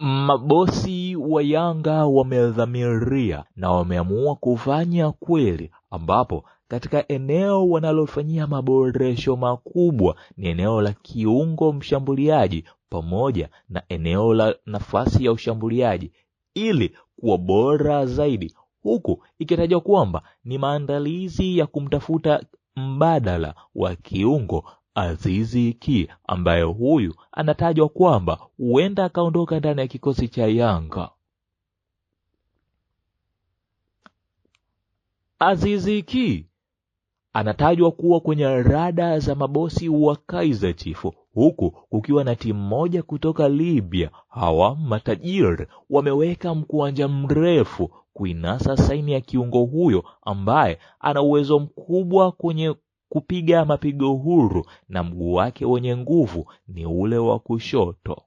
Mabosi wa Yanga wamedhamiria na wameamua kufanya kweli, ambapo katika eneo wanalofanyia maboresho makubwa ni eneo la kiungo mshambuliaji pamoja na eneo la nafasi ya ushambuliaji ili kuwa bora zaidi, huku ikitajwa kwamba ni maandalizi ya kumtafuta mbadala wa kiungo Azizi Ki ambaye huyu anatajwa kwamba huenda akaondoka ndani ya kikosi cha Yanga. Azizi Ki anatajwa kuwa kwenye rada za mabosi wa Kaizer Chiefs huku kukiwa na timu moja kutoka Libya. Hawa matajiri wameweka mkwanja mrefu kuinasa saini ya kiungo huyo ambaye ana uwezo mkubwa kwenye kupiga mapigo huru, na mguu wake wenye nguvu ni ule wa kushoto.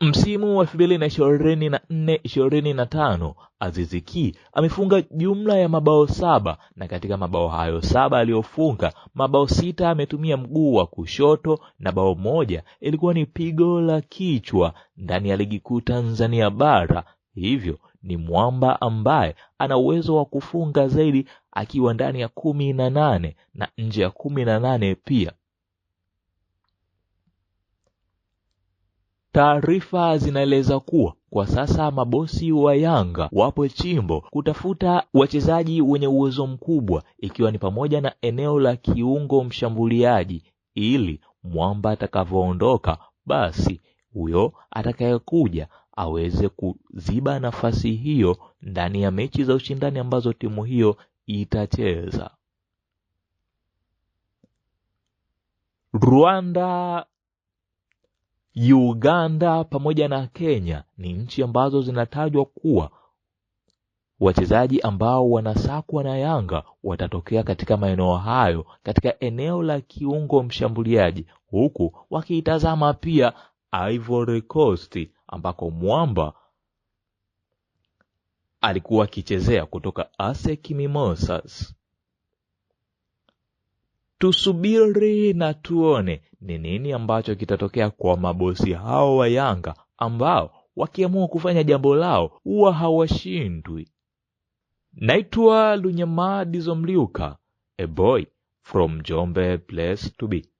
Msimu wa 2024-2025 Aziz Ki amefunga jumla ya mabao saba, na katika mabao hayo saba aliyofunga, mabao sita ametumia mguu wa kushoto na bao moja ilikuwa ni pigo la kichwa ndani ya Ligi Kuu Tanzania Bara. Hivyo ni mwamba ambaye ana uwezo wa kufunga zaidi akiwa ndani ya kumi na nane na nje ya kumi na nane pia. Taarifa zinaeleza kuwa kwa sasa mabosi wa Yanga wapo chimbo kutafuta wachezaji wenye uwezo mkubwa, ikiwa ni pamoja na eneo la kiungo mshambuliaji, ili mwamba atakavyoondoka, basi huyo atakayekuja aweze kuziba nafasi hiyo ndani ya mechi za ushindani ambazo timu hiyo itacheza. Rwanda, Uganda pamoja na Kenya ni nchi ambazo zinatajwa kuwa wachezaji ambao wanasakwa na Yanga watatokea katika maeneo hayo, katika eneo la kiungo mshambuliaji, huku wakiitazama pia Ivory Coast ambako mwamba alikuwa akichezea kutoka Asek Mimosas. Tusubiri na tuone ni nini ambacho kitatokea kwa mabosi hao wa Yanga ambao wakiamua kufanya jambo lao huwa hawashindwi. Naitwa Lunyamadi Zomliuka, a boy from Jombe, place to be.